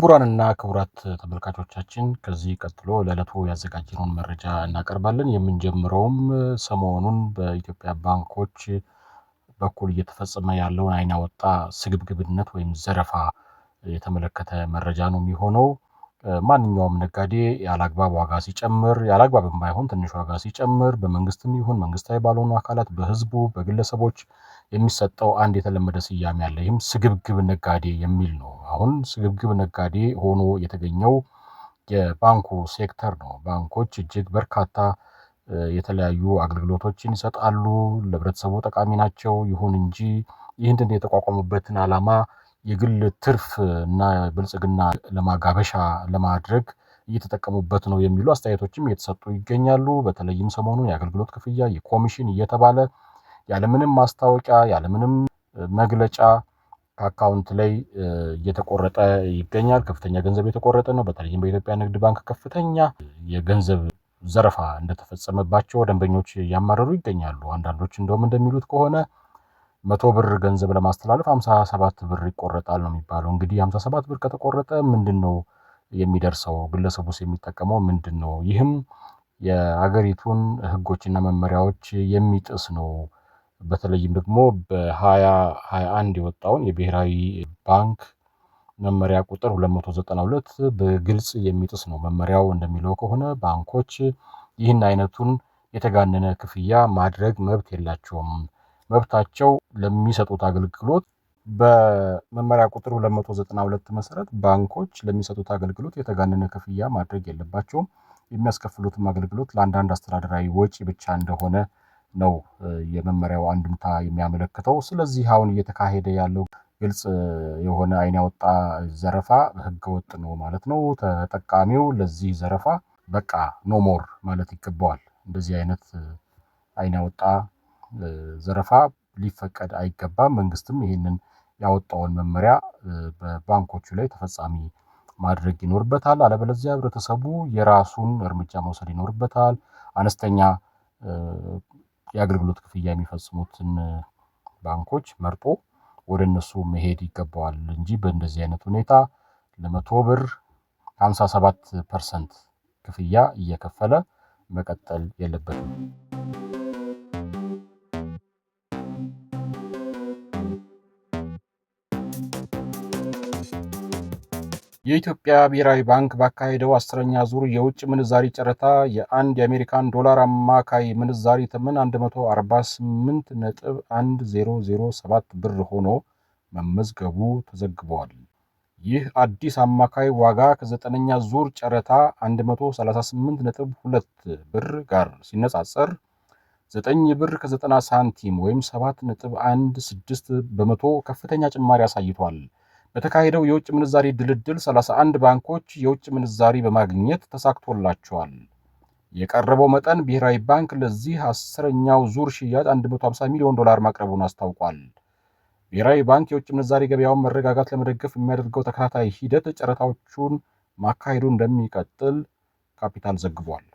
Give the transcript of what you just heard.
ክቡራንና ክቡራት ተመልካቾቻችን ከዚህ ቀጥሎ ለዕለቱ ያዘጋጀነውን መረጃ እናቀርባለን። የምንጀምረውም ሰሞኑን በኢትዮጵያ ባንኮች በኩል እየተፈጸመ ያለውን አይን ያወጣ ስግብግብነት ወይም ዘረፋ የተመለከተ መረጃ ነው የሚሆነው። ማንኛውም ነጋዴ ያላግባብ ዋጋ ሲጨምር፣ ያላግባብ የማይሆን ትንሽ ዋጋ ሲጨምር፣ በመንግስትም ይሁን መንግስታዊ ባልሆኑ አካላት፣ በህዝቡ፣ በግለሰቦች የሚሰጠው አንድ የተለመደ ስያሜ አለ። ይህም ስግብግብ ነጋዴ የሚል ነው። አሁን ስግብግብ ነጋዴ ሆኖ የተገኘው የባንኩ ሴክተር ነው። ባንኮች እጅግ በርካታ የተለያዩ አገልግሎቶችን ይሰጣሉ፣ ለህብረተሰቡ ጠቃሚ ናቸው። ይሁን እንጂ ይህንን የተቋቋሙበትን ዓላማ የግል ትርፍ እና ብልጽግና ለማጋበሻ ለማድረግ እየተጠቀሙበት ነው የሚሉ አስተያየቶችም እየተሰጡ ይገኛሉ። በተለይም ሰሞኑን የአገልግሎት ክፍያ፣ የኮሚሽን እየተባለ ያለምንም ማስታወቂያ ያለምንም መግለጫ ከአካውንት ላይ እየተቆረጠ ይገኛል። ከፍተኛ ገንዘብ የተቆረጠ ነው። በተለይም በኢትዮጵያ ንግድ ባንክ ከፍተኛ የገንዘብ ዘረፋ እንደተፈጸመባቸው ደንበኞች እያማረሩ ይገኛሉ። አንዳንዶች እንደውም እንደሚሉት ከሆነ መቶ ብር ገንዘብ ለማስተላለፍ ሀምሳ ሰባት ብር ይቆረጣል ነው የሚባለው። እንግዲህ ሀምሳ ሰባት ብር ከተቆረጠ ምንድን ነው የሚደርሰው? ግለሰቡስ የሚጠቀመው ምንድን ነው? ይህም የአገሪቱን ሕጎችና መመሪያዎች የሚጥስ ነው። በተለይም ደግሞ በ2021 አንድ የወጣውን የብሔራዊ ባንክ መመሪያ ቁጥር 292 በግልጽ የሚጥስ ነው። መመሪያው እንደሚለው ከሆነ ባንኮች ይህን አይነቱን የተጋነነ ክፍያ ማድረግ መብት የላቸውም። መብታቸው ለሚሰጡት አገልግሎት በመመሪያ ቁጥር 292 መሰረት ባንኮች ለሚሰጡት አገልግሎት የተጋነነ ክፍያ ማድረግ የለባቸውም። የሚያስከፍሉትም አገልግሎት ለአንዳንድ አስተዳደራዊ ወጪ ብቻ እንደሆነ ነው የመመሪያው አንድምታ የሚያመለክተው። ስለዚህ አሁን እየተካሄደ ያለው ግልጽ የሆነ አይን ያወጣ ዘረፋ ህገወጥ ነው ማለት ነው። ተጠቃሚው ለዚህ ዘረፋ በቃ ኖሞር ማለት ይገባዋል። እንደዚህ አይነት አይን ያወጣ ዘረፋ ሊፈቀድ አይገባም። መንግስትም ይህንን ያወጣውን መመሪያ በባንኮቹ ላይ ተፈጻሚ ማድረግ ይኖርበታል። አለበለዚያ ህብረተሰቡ የራሱን እርምጃ መውሰድ ይኖርበታል። አነስተኛ የአገልግሎት ክፍያ የሚፈጽሙትን ባንኮች መርጦ ወደ እነሱ መሄድ ይገባዋል እንጂ በእንደዚህ አይነት ሁኔታ ለመቶ ብር ሀምሳ ሰባት ፐርሰንት ክፍያ እየከፈለ መቀጠል የለበትም። የኢትዮጵያ ብሔራዊ ባንክ ባካሄደው አስረኛ ዙር የውጭ ምንዛሪ ጨረታ የአንድ የአሜሪካን ዶላር አማካይ ምንዛሪ ተመን 1007 ብር ሆኖ መመዝገቡ ተዘግቧል። ይህ አዲስ አማካይ ዋጋ ከዘጠነኛ ዙር ጨረታ 38ነጥብ 2 ብር ጋር ሲነጻጸር 9 ብር ከ90 ሳንቲም ወይም 16 በመቶ ከፍተኛ ጭማሪ አሳይቷል። በተካሄደው የውጭ ምንዛሪ ድልድል 31 ባንኮች የውጭ ምንዛሪ በማግኘት ተሳክቶላቸዋል። የቀረበው መጠን ብሔራዊ ባንክ ለዚህ አስረኛው ዙር ሽያጭ 150 ሚሊዮን ዶላር ማቅረቡን አስታውቋል። ብሔራዊ ባንክ የውጭ ምንዛሪ ገበያውን መረጋጋት ለመደገፍ የሚያደርገው ተከታታይ ሂደት ጨረታዎቹን ማካሄዱ እንደሚቀጥል ካፒታል ዘግቧል።